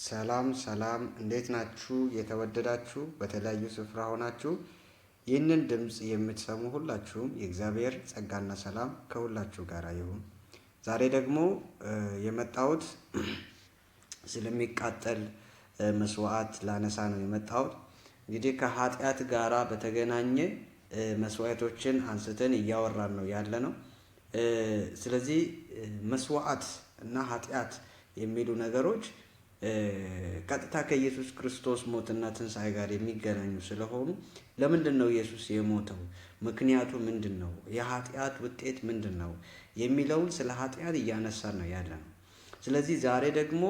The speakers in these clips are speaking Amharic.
ሰላም ሰላም፣ እንዴት ናችሁ? የተወደዳችሁ በተለያዩ ስፍራ ሆናችሁ ይህንን ድምፅ የምትሰሙ ሁላችሁም የእግዚአብሔር ጸጋና ሰላም ከሁላችሁ ጋር ይሁን። ዛሬ ደግሞ የመጣሁት ስለሚቃጠል መስዋዕት ላነሳ ነው የመጣሁት። እንግዲህ ከኃጢአት ጋራ በተገናኘ መስዋዕቶችን አንስተን እያወራን ነው ያለ ነው። ስለዚህ መስዋዕት እና ኃጢአት የሚሉ ነገሮች ቀጥታ ከኢየሱስ ክርስቶስ ሞትና ትንሣኤ ጋር የሚገናኙ ስለሆኑ ለምንድን ነው ኢየሱስ የሞተው? ምክንያቱ ምንድን ነው? የኃጢአት ውጤት ምንድን ነው? የሚለውን ስለ ኃጢአት እያነሳን ነው ያለ ነው። ስለዚህ ዛሬ ደግሞ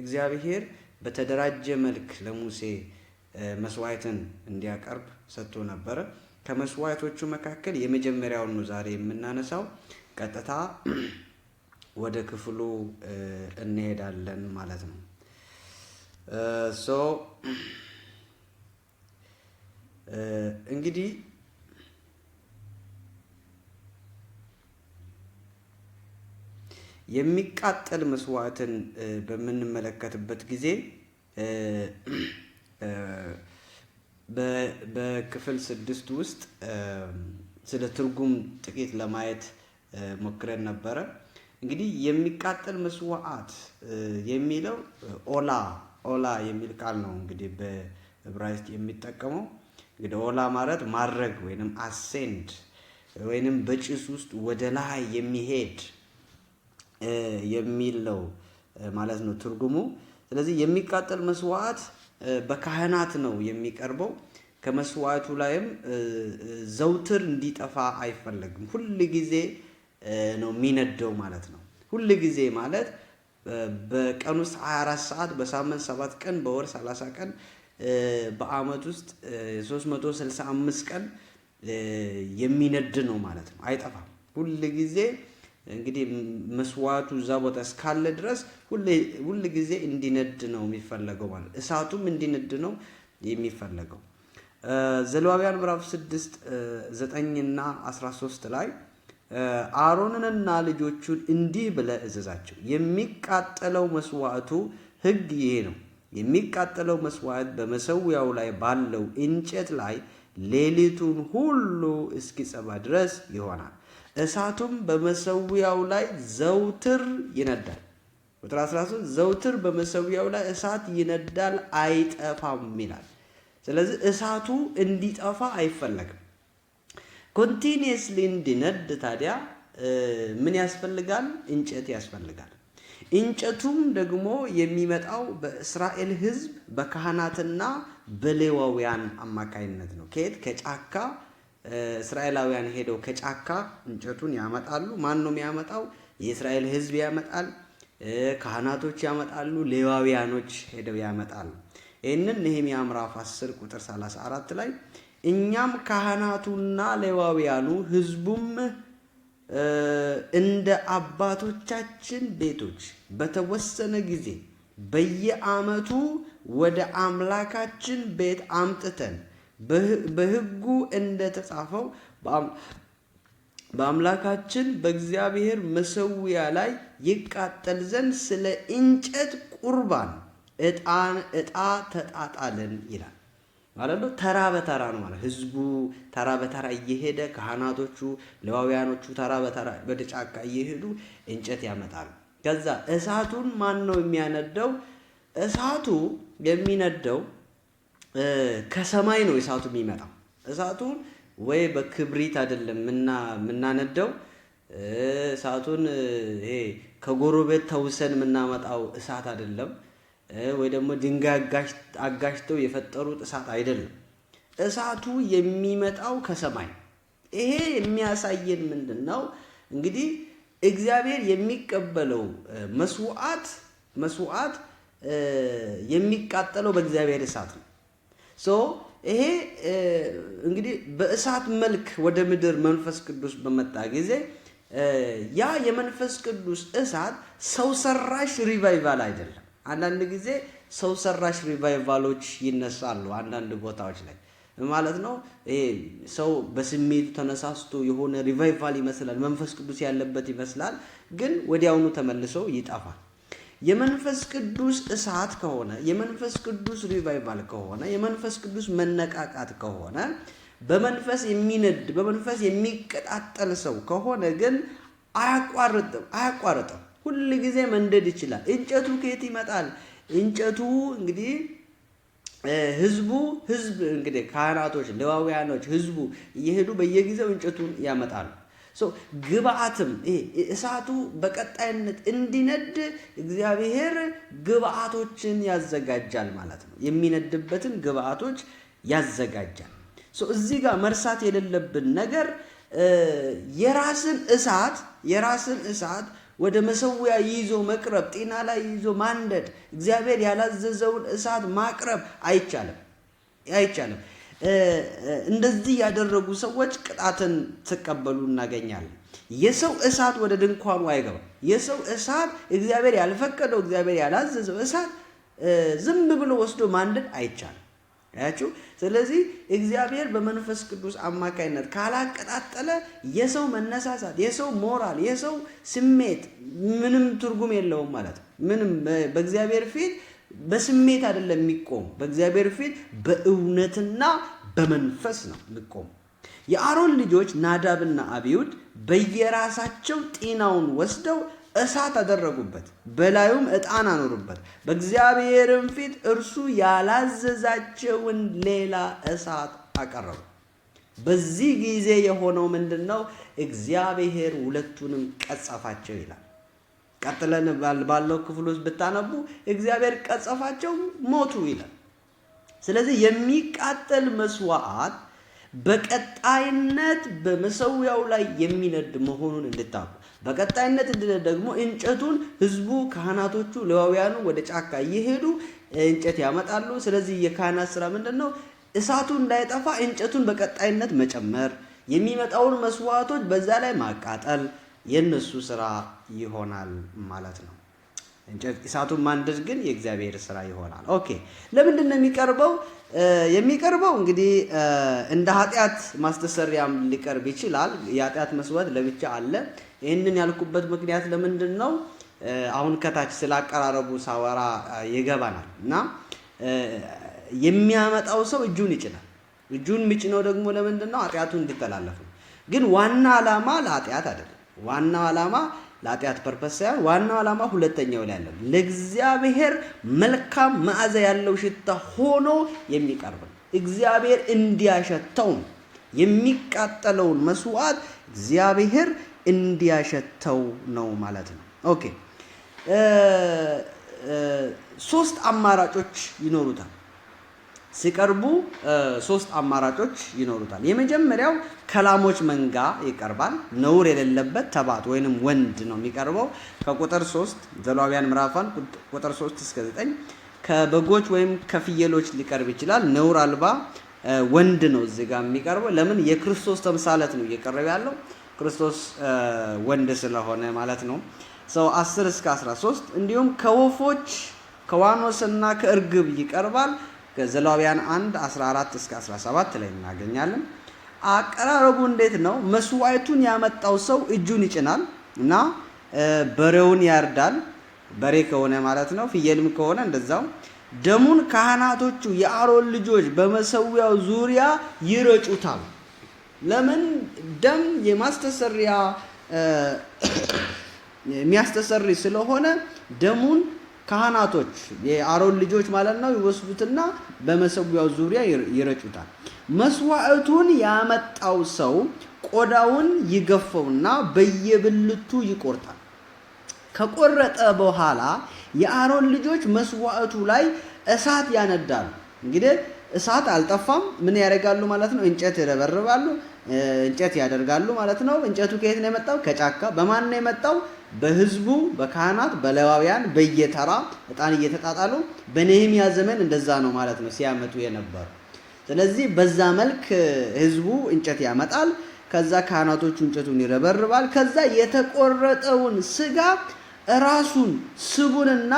እግዚአብሔር በተደራጀ መልክ ለሙሴ መስዋዕትን እንዲያቀርብ ሰጥቶ ነበረ። ከመስዋዕቶቹ መካከል የመጀመሪያውን ነው ዛሬ የምናነሳው ቀጥታ ወደ ክፍሉ እንሄዳለን ማለት ነው። ሶ እንግዲህ የሚቃጠል መስዋዕትን በምንመለከትበት ጊዜ በክፍል ስድስት ውስጥ ስለ ትርጉም ጥቂት ለማየት ሞክረን ነበረ። እንግዲህ የሚቃጠል መስዋዕት የሚለው ኦላ ኦላ የሚል ቃል ነው። እንግዲህ በዕብራይስጥ የሚጠቀመው እንግዲህ ኦላ ማለት ማድረግ ወይንም አሴንድ ወይንም በጭስ ውስጥ ወደ ላይ የሚሄድ የሚል ነው ማለት ነው ትርጉሙ። ስለዚህ የሚቃጠል መስዋዕት በካህናት ነው የሚቀርበው። ከመስዋዕቱ ላይም ዘውትር እንዲጠፋ አይፈለግም ሁል ጊዜ ነው የሚነደው ማለት ነው። ሁል ጊዜ ማለት በቀን ውስጥ 24 ሰዓት በሳምንት 7 ቀን በወር 30 ቀን በአመት ውስጥ 365 ቀን የሚነድ ነው ማለት ነው። አይጠፋም። ሁል ጊዜ እንግዲህ መስዋዕቱ እዛ ቦታ እስካለ ድረስ ሁል ጊዜ እንዲነድ ነው የሚፈለገው ማለት እሳቱም እንዲነድ ነው የሚፈለገው። ዘሌዋውያን ምዕራፍ 6 9 እና 13 ላይ አሮንንና ልጆቹን እንዲህ ብለ እዘዛቸው። የሚቃጠለው መስዋዕቱ ህግ ይሄ ነው። የሚቃጠለው መስዋዕት በመሰዊያው ላይ ባለው እንጨት ላይ ሌሊቱን ሁሉ እስኪጸባ ድረስ ይሆናል። እሳቱም በመሰዊያው ላይ ዘውትር ይነዳል። ቁጥር 13 ዘውትር በመሰዊያው ላይ እሳት ይነዳል፣ አይጠፋም ይላል። ስለዚህ እሳቱ እንዲጠፋ አይፈለግም። ኮንቲኒየስሊ እንዲነድ ታዲያ ምን ያስፈልጋል? እንጨት ያስፈልጋል። እንጨቱም ደግሞ የሚመጣው በእስራኤል ሕዝብ በካህናትና በሌዋውያን አማካይነት ነው። ከየት? ከጫካ እስራኤላውያን ሄደው ከጫካ እንጨቱን ያመጣሉ። ማን ነው የሚያመጣው? የእስራኤል ሕዝብ ያመጣል። ካህናቶች ያመጣሉ። ሌዋውያኖች ሄደው ያመጣሉ። ይህንን ነህምያ ምዕራፍ 10 ቁጥር 34 ላይ እኛም ካህናቱና ሌዋውያኑ ህዝቡም እንደ አባቶቻችን ቤቶች በተወሰነ ጊዜ በየዓመቱ ወደ አምላካችን ቤት አምጥተን እንደ ተጻፈው በአምላካችን በእግዚአብሔር መሰዊያ ላይ ይቃጠል ዘንድ ስለ እንጨት ቁርባን እጣ ተጣጣልን ይላል። ማለት ነው። ተራ በተራ ነው ማለት ህዝቡ ተራ በተራ እየሄደ ካህናቶቹ፣ ለዋውያኖቹ ተራ በተራ ወደ ጫካ እየሄዱ እንጨት ያመጣሉ። ከዛ እሳቱን ማን ነው የሚያነደው? እሳቱ የሚነደው ከሰማይ ነው። እሳቱ የሚመጣው እሳቱን ወይ በክብሪት አይደለም የምናነደው እሳቱን ይሄ ከጎረቤት ተውሰን የምናመጣው እሳት አይደለም። ወይ ደግሞ ድንጋይ አጋሽተው የፈጠሩት እሳት አይደለም። እሳቱ የሚመጣው ከሰማይ። ይሄ የሚያሳየን ምንድን ነው? እንግዲህ እግዚአብሔር የሚቀበለው መስዋዕት መስዋዕት የሚቃጠለው በእግዚአብሔር እሳት ነው። ሶ ይሄ እንግዲህ በእሳት መልክ ወደ ምድር መንፈስ ቅዱስ በመጣ ጊዜ ያ የመንፈስ ቅዱስ እሳት ሰው ሰራሽ ሪቫይቫል አይደለም። አንዳንድ ጊዜ ሰው ሰራሽ ሪቫይቫሎች ይነሳሉ አንዳንድ ቦታዎች ላይ ማለት ነው። ይሄ ሰው በስሜቱ ተነሳስቶ የሆነ ሪቫይቫል ይመስላል፣ መንፈስ ቅዱስ ያለበት ይመስላል፣ ግን ወዲያውኑ ተመልሶ ይጠፋል። የመንፈስ ቅዱስ እሳት ከሆነ የመንፈስ ቅዱስ ሪቫይቫል ከሆነ የመንፈስ ቅዱስ መነቃቃት ከሆነ በመንፈስ የሚነድ በመንፈስ የሚቀጣጠል ሰው ከሆነ ግን አያቋርጥም አያቋርጥም ሁል ጊዜ መንደድ ይችላል። እንጨቱ ከየት ይመጣል? እንጨቱ እንግዲህ ህዝቡ ህዝብ እንግዲህ ካህናቶች፣ ሌዋውያኖች ህዝቡ እየሄዱ በየጊዜው እንጨቱን ያመጣሉ። ግብአትም እሳቱ በቀጣይነት እንዲነድ እግዚአብሔር ግብአቶችን ያዘጋጃል ማለት ነው። የሚነድበትን ግብአቶች ያዘጋጃል። እዚህ ጋር መርሳት የሌለብን ነገር የራስን እሳት የራስን እሳት ወደ መሰዊያ ይዞ መቅረብ፣ ጤና ላይ ይዞ ማንደድ፣ እግዚአብሔር ያላዘዘውን እሳት ማቅረብ አይቻልም አይቻልም። እንደዚህ ያደረጉ ሰዎች ቅጣትን ትቀበሉ እናገኛለን። የሰው እሳት ወደ ድንኳኑ አይገባም። የሰው እሳት እግዚአብሔር ያልፈቀደው እግዚአብሔር ያላዘዘው እሳት ዝም ብሎ ወስዶ ማንደድ አይቻልም። አያችሁ። ስለዚህ እግዚአብሔር በመንፈስ ቅዱስ አማካይነት ካላቀጣጠለ የሰው መነሳሳት፣ የሰው ሞራል፣ የሰው ስሜት ምንም ትርጉም የለውም ማለት ነው። ምንም በእግዚአብሔር ፊት በስሜት አይደለም የሚቆም፣ በእግዚአብሔር ፊት በእውነትና በመንፈስ ነው የሚቆም። የአሮን ልጆች ናዳብና አብዩድ በየራሳቸው ጤናውን ወስደው እሳት አደረጉበት፣ በላዩም ዕጣን አኖሩበት። በእግዚአብሔርም ፊት እርሱ ያላዘዛቸውን ሌላ እሳት አቀረቡ። በዚህ ጊዜ የሆነው ምንድን ነው? እግዚአብሔር ሁለቱንም ቀጸፋቸው ይላል። ቀጥለን ባለው ክፍል ውስጥ ብታነቡ እግዚአብሔር ቀጸፋቸው፣ ሞቱ ይላል። ስለዚህ የሚቃጠል መስዋዕት በቀጣይነት በመሰዊያው ላይ የሚነድ መሆኑን እንድታቁ በቀጣይነት ደግሞ እንጨቱን ህዝቡ፣ ካህናቶቹ፣ ሌዋውያኑ ወደ ጫካ እየሄዱ እንጨት ያመጣሉ። ስለዚህ የካህናት ስራ ምንድን ነው? እሳቱ እንዳይጠፋ እንጨቱን በቀጣይነት መጨመር፣ የሚመጣውን መስዋዕቶች በዛ ላይ ማቃጠል የነሱ ስራ ይሆናል ማለት ነው። እንጨት እሳቱን ማንደድ ግን የእግዚአብሔር ስራ ይሆናል። ኦኬ፣ ለምንድን ነው የሚቀርበው? የሚቀርበው እንግዲህ እንደ ኃጢአት ማስተሰሪያም ሊቀርብ ይችላል። የኃጢአት መስዋዕት ለብቻ አለ። ይህንን ያልኩበት ምክንያት ለምንድን ነው? አሁን ከታች ስላቀራረቡ ሳወራ ይገባናል። እና የሚያመጣው ሰው እጁን ይጭናል። እጁን የሚጭነው ደግሞ ለምንድን ነው? ኃጢአቱ እንዲተላለፍ ግን ዋና ዓላማ ለኃጢአት አይደለም። ዋናው ዓላማ ለኃጢአት ፐርፐስ ሳይሆን ዋናው ዓላማ ሁለተኛው ላይ ያለው ለእግዚአብሔር መልካም መዓዛ ያለው ሽታ ሆኖ የሚቀርብ ነው። እግዚአብሔር እንዲያሸተው የሚቃጠለውን መስዋዕት እግዚአብሔር እንዲያሸተው ነው ማለት ነው። ኦኬ ሶስት አማራጮች ይኖሩታል። ሲቀርቡ ሶስት አማራጮች ይኖሩታል። የመጀመሪያው ከላሞች መንጋ ይቀርባል። ነውር የሌለበት ተባት ወይንም ወንድ ነው የሚቀርበው። ከቁጥር 3 ዘሌዋውያን ምዕራፋን ቁጥር 3 እስከ 9 ከበጎች ወይም ከፍየሎች ሊቀርብ ይችላል። ነውር አልባ ወንድ ነው እዚህ ጋር የሚቀርበው። ለምን? የክርስቶስ ተምሳለት ነው እየቀረበ ያለው ክርስቶስ ወንድ ስለሆነ ማለት ነው። ሰው 10 እስከ 13 እንዲሁም ከወፎች ከዋኖስና ከእርግብ ይቀርባል። ዘሌዋውያን 1 14 እስከ 17 ላይ እናገኛለን። አቀራረቡ እንዴት ነው? መስዋዕቱን ያመጣው ሰው እጁን ይጭናል እና በሬውን ያርዳል። በሬ ከሆነ ማለት ነው። ፍየልም ከሆነ እንደዛው። ደሙን ካህናቶቹ የአሮን ልጆች በመሰዊያው ዙሪያ ይረጩታል። ለምን? ደም የማስተሰሪያ የሚያስተሰሪ ስለሆነ ደሙን ካህናቶች የአሮን ልጆች ማለት ነው ይወስዱትና በመሰዊያው ዙሪያ ይረጩታል። መስዋዕቱን ያመጣው ሰው ቆዳውን ይገፈውና በየብልቱ ይቆርጣል። ከቆረጠ በኋላ የአሮን ልጆች መስዋዕቱ ላይ እሳት ያነዳሉ። እንግዲህ እሳት አልጠፋም። ምን ያደርጋሉ ማለት ነው? እንጨት ይረበርባሉ፣ እንጨት ያደርጋሉ ማለት ነው። እንጨቱ ከየት ነው የመጣው? ከጫካ። በማን ነው የመጣው? በህዝቡ በካህናት በሌዋውያን በየተራ እጣን እየተጣጣሉ በነህምያ ዘመን እንደዛ ነው ማለት ነው ሲያመጡ የነበሩ። ስለዚህ በዛ መልክ ህዝቡ እንጨት ያመጣል። ከዛ ካህናቶቹ እንጨቱን ይረበርባል። ከዛ የተቆረጠውን ስጋ ራሱን ስቡንና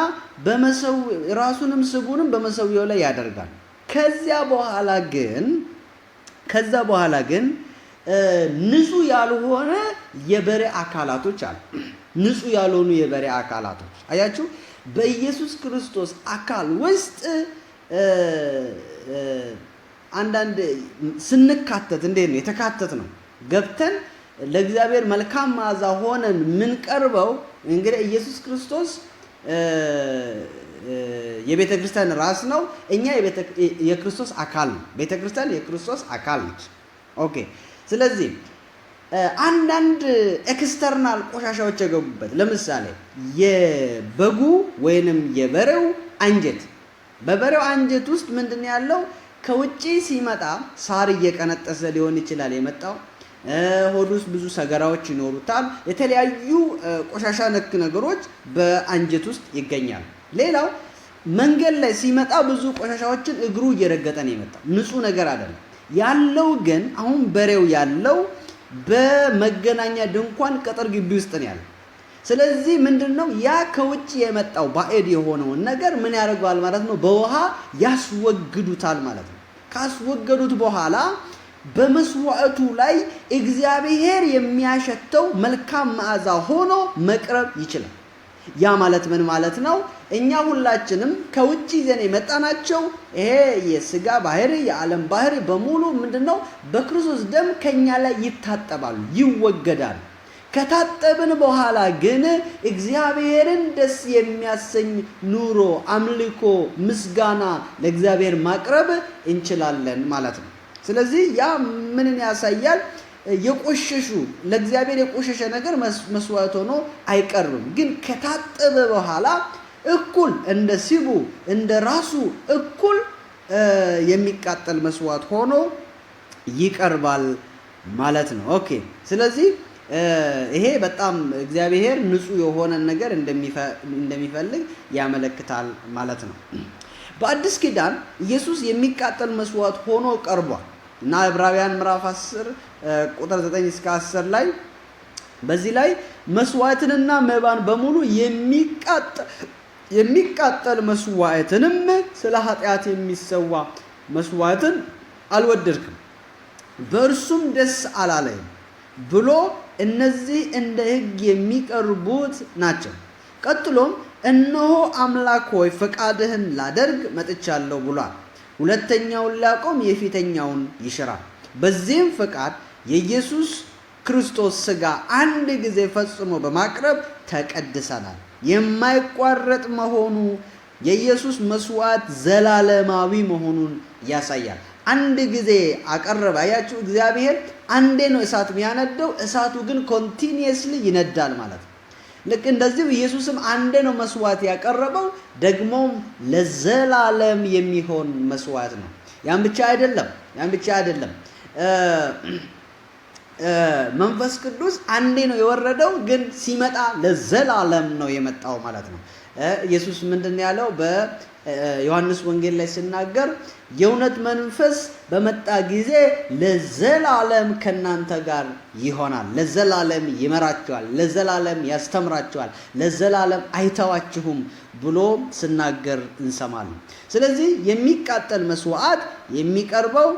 በመሰው ራሱንም ስቡንም በመሰዊያው ላይ ያደርጋል። ከዚያ በኋላ ግን ከዛ በኋላ ግን ንጹህ ያልሆነ የበሬ አካላቶች አሉ። ንጹህ ያልሆኑ የበሬ አካላቶች አያችሁ፣ በኢየሱስ ክርስቶስ አካል ውስጥ አንዳንድ ስንካተት እንዴት ነው የተካተት ነው ገብተን ለእግዚአብሔር መልካም መዓዛ ሆነን የምንቀርበው እንግዲህ ኢየሱስ ክርስቶስ የቤተ ክርስቲያን ራስ ነው። እኛ የክርስቶስ አካል ነው። ቤተ ክርስቲያን የክርስቶስ አካል ነች። ኦኬ። ስለዚህ አንዳንድ ኤክስተርናል ቆሻሻዎች የገቡበት ለምሳሌ የበጉ ወይንም የበሬው አንጀት በበሬው አንጀት ውስጥ ምንድን ያለው ከውጪ ሲመጣ ሳር እየቀነጠሰ ሊሆን ይችላል የመጣው። ሆድ ውስጥ ብዙ ሰገራዎች ይኖሩታል። የተለያዩ ቆሻሻ ነክ ነገሮች በአንጀት ውስጥ ይገኛሉ። ሌላው መንገድ ላይ ሲመጣ ብዙ ቆሻሻዎችን እግሩ እየረገጠ ነው የመጣው። ንጹህ ነገር አይደለም ያለው ግን አሁን በሬው ያለው በመገናኛ ድንኳን ቅጥር ግቢ ውስጥ ነው ያለው። ስለዚህ ምንድን ነው ያ ከውጭ የመጣው ባዕድ የሆነውን ነገር ምን ያደርገዋል ማለት ነው? በውሃ ያስወግዱታል ማለት ነው። ካስወገዱት በኋላ በመስዋዕቱ ላይ እግዚአብሔር የሚያሸተው መልካም መዓዛ ሆኖ መቅረብ ይችላል። ያ ማለት ምን ማለት ነው? እኛ ሁላችንም ከውጭ ይዘን የመጣናቸው ይሄ የስጋ ባህሪ የዓለም ባህሪ በሙሉ ምንድን ነው? በክርስቶስ ደም ከኛ ላይ ይታጠባሉ፣ ይወገዳሉ። ከታጠብን በኋላ ግን እግዚአብሔርን ደስ የሚያሰኝ ኑሮ፣ አምልኮ፣ ምስጋና ለእግዚአብሔር ማቅረብ እንችላለን ማለት ነው። ስለዚህ ያ ምንን ያሳያል? የቆሸሹ ለእግዚአብሔር የቆሸሸ ነገር መስዋዕት ሆኖ አይቀርብም። ግን ከታጠበ በኋላ እኩል እንደ ሲቡ እንደ ራሱ እኩል የሚቃጠል መስዋዕት ሆኖ ይቀርባል ማለት ነው። ኦኬ። ስለዚህ ይሄ በጣም እግዚአብሔር ንጹሕ የሆነን ነገር እንደሚፈልግ ያመለክታል ማለት ነው። በአዲስ ኪዳን ኢየሱስ የሚቃጠል መስዋዕት ሆኖ ቀርቧል። እና ዕብራውያን ምዕራፍ 10 ቁጥር 9 እስከ 10 ላይ በዚህ ላይ መስዋዕትንና መባን በሙሉ የሚቃጠል መስዋዕትንም ስለ ኃጢአት የሚሰዋ መስዋዕትን አልወደድክም፣ በእርሱም ደስ አላለህም ብሎ እነዚህ እንደ ህግ የሚቀርቡት ናቸው። ቀጥሎም እነሆ አምላክ ሆይ ፈቃድህን ላደርግ መጥቻለሁ ብሏል። ሁለተኛውን ላቆም የፊተኛውን ይሽራል። በዚህም ፍቃድ የኢየሱስ ክርስቶስ ሥጋ አንድ ጊዜ ፈጽሞ በማቅረብ ተቀድሰናል። የማይቋረጥ መሆኑ የኢየሱስ መስዋዕት ዘላለማዊ መሆኑን ያሳያል። አንድ ጊዜ አቀረበ። አያችሁ፣ እግዚአብሔር አንዴ ነው እሳት የሚያነደው፣ እሳቱ ግን ኮንቲኒየስሊ ይነዳል ማለት ነው። ልክ እንደዚሁ ኢየሱስም አንዴ ነው መስዋዕት ያቀረበው፣ ደግሞም ለዘላለም የሚሆን መስዋዕት ነው። ያን ብቻ አይደለም፣ ያን ብቻ አይደለም። መንፈስ ቅዱስ አንዴ ነው የወረደው፣ ግን ሲመጣ ለዘላለም ነው የመጣው ማለት ነው። ኢየሱስ ምንድን ያለው በ ዮሐንስ ወንጌል ላይ ሲናገር የእውነት መንፈስ በመጣ ጊዜ ለዘላለም ከእናንተ ጋር ይሆናል፣ ለዘላለም ይመራችኋል፣ ለዘላለም ያስተምራችኋል፣ ለዘላለም አይተዋችሁም ብሎ ስናገር እንሰማለን። ስለዚህ የሚቃጠል መስዋዕት የሚቀርበው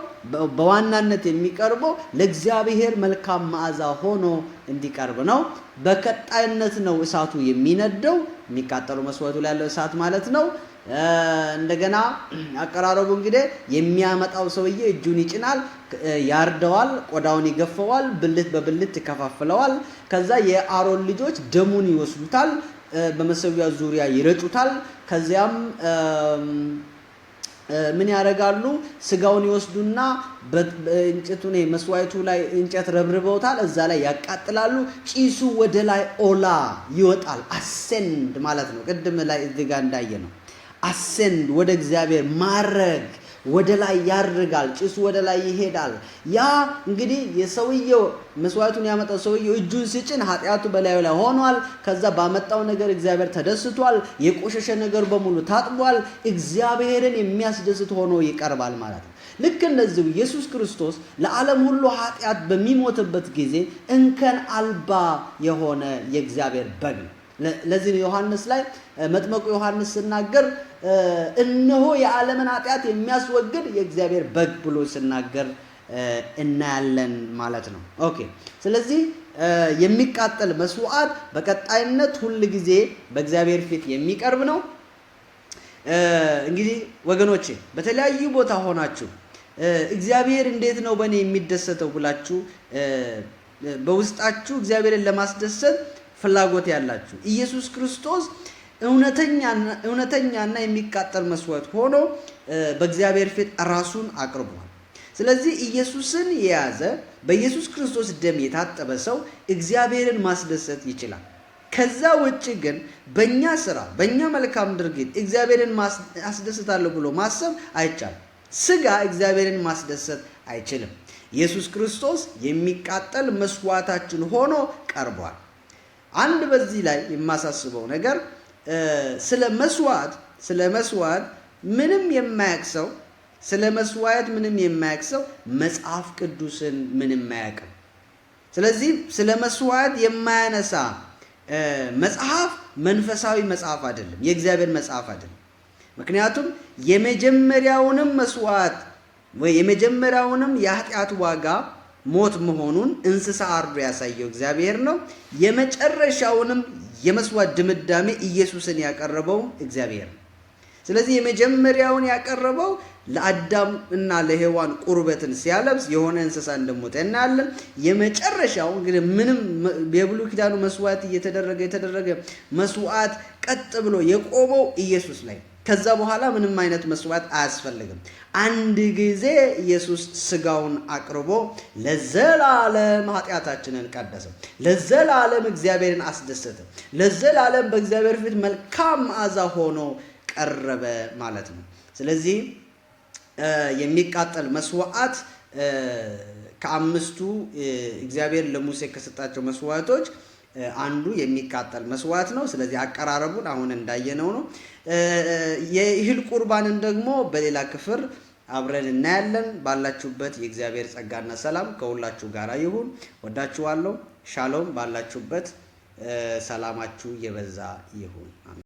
በዋናነት የሚቀርበው ለእግዚአብሔር መልካም መዓዛ ሆኖ እንዲቀርብ ነው። በቀጣይነት ነው እሳቱ የሚነደው የሚቃጠሉ መስዋዕቱ ላይ ያለው እሳት ማለት ነው። እንደገና አቀራረቡ እንግዲህ የሚያመጣው ሰውዬ እጁን ይጭናል፣ ያርደዋል፣ ቆዳውን ይገፈዋል፣ ብልት በብልት ይከፋፍለዋል። ከዛ የአሮን ልጆች ደሙን ይወስዱታል፣ በመሰዊያ ዙሪያ ይረጩታል። ከዚያም ምን ያደርጋሉ? ስጋውን ይወስዱና እንጨቱን መስዋዕቱ ላይ እንጨት ረብርበውታል። እዛ ላይ ያቃጥላሉ። ጭሱ ወደ ላይ ኦላ ይወጣል። አሴንድ ማለት ነው። ቅድም ላይ እዚህ ጋር እንዳየ ነው። አሴንድ ወደ እግዚአብሔር ማረግ ወደ ላይ ያርጋል። ጭሱ ወደ ላይ ይሄዳል። ያ እንግዲህ የሰውየው መስዋዕቱን ያመጣው ሰውየው እጁን ሲጭን ኃጢአቱ በላዩ ላይ ሆኗል። ከዛ ባመጣው ነገር እግዚአብሔር ተደስቷል። የቆሸሸ ነገር በሙሉ ታጥቧል። እግዚአብሔርን የሚያስደስት ሆኖ ይቀርባል ማለት ነው። ልክ እንደዚሁ ኢየሱስ ክርስቶስ ለዓለም ሁሉ ኃጢአት በሚሞትበት ጊዜ እንከን አልባ የሆነ የእግዚአብሔር በግ ነው። ለዚህ ዮሐንስ ላይ መጥመቁ ዮሐንስ ሲናገር እነሆ የዓለምን ኃጢአት የሚያስወግድ የእግዚአብሔር በግ ብሎ ሲናገር እናያለን ማለት ነው። ኦኬ ስለዚህ የሚቃጠል መስዋዕት በቀጣይነት ሁል ጊዜ በእግዚአብሔር ፊት የሚቀርብ ነው። እንግዲህ ወገኖቼ በተለያዩ ቦታ ሆናችሁ እግዚአብሔር እንዴት ነው በእኔ የሚደሰተው ብላችሁ በውስጣችሁ እግዚአብሔርን ለማስደሰት ፍላጎት ያላችሁ ኢየሱስ ክርስቶስ እውነተኛና የሚቃጠል መስዋዕት ሆኖ በእግዚአብሔር ፊት ራሱን አቅርቧል። ስለዚህ ኢየሱስን የያዘ በኢየሱስ ክርስቶስ ደም የታጠበ ሰው እግዚአብሔርን ማስደሰት ይችላል። ከዛ ውጭ ግን በእኛ ስራ፣ በእኛ መልካም ድርጊት እግዚአብሔርን አስደስታለሁ ብሎ ማሰብ አይቻልም። ስጋ እግዚአብሔርን ማስደሰት አይችልም። ኢየሱስ ክርስቶስ የሚቃጠል መስዋዕታችን ሆኖ ቀርቧል። አንድ በዚህ ላይ የማሳስበው ነገር ስለ መስዋዕት ስለ መስዋዕት ምንም የማያውቅ ሰው ስለ መስዋዕት ምንም የማያውቅ ሰው መጽሐፍ ቅዱስን ምንም አያውቅም። ስለዚህ ስለ መስዋዕት የማያነሳ መጽሐፍ መንፈሳዊ መጽሐፍ አይደለም፣ የእግዚአብሔር መጽሐፍ አይደለም። ምክንያቱም የመጀመሪያውንም መስዋዕት ወይ የመጀመሪያውንም የኃጢአት ዋጋ ሞት መሆኑን እንስሳ አርዶ ያሳየው እግዚአብሔር ነው። የመጨረሻውንም የመስዋዕት ድምዳሜ ኢየሱስን ያቀረበው እግዚአብሔር ነው። ስለዚህ የመጀመሪያውን ያቀረበው ለአዳም እና ለሔዋን ቁርበትን ሲያለብስ የሆነ እንስሳ እንደሞተ እናያለን። የመጨረሻው እንግዲህ ምንም የብሉይ ኪዳኑ መስዋዕት እየተደረገ የተደረገ መስዋዕት ቀጥ ብሎ የቆመው ኢየሱስ ላይ ከዛ በኋላ ምንም አይነት መስዋዕት አያስፈልግም። አንድ ጊዜ ኢየሱስ ስጋውን አቅርቦ ለዘላለም ኃጢአታችንን ቀደሰ፣ ለዘላለም እግዚአብሔርን አስደሰተ፣ ለዘላለም በእግዚአብሔር ፊት መልካም መዓዛ ሆኖ ቀረበ ማለት ነው። ስለዚህ የሚቃጠል መስዋዕት ከአምስቱ እግዚአብሔር ለሙሴ ከሰጣቸው መስዋዕቶች አንዱ የሚቃጠል መስዋዕት ነው። ስለዚህ አቀራረቡን አሁን እንዳየነው ነው። የእህል ቁርባንን ደግሞ በሌላ ክፍል አብረን እናያለን። ባላችሁበት የእግዚአብሔር ጸጋና ሰላም ከሁላችሁ ጋር ይሁን። ወዳችኋለሁ። ሻሎም። ባላችሁበት ሰላማችሁ የበዛ ይሁን።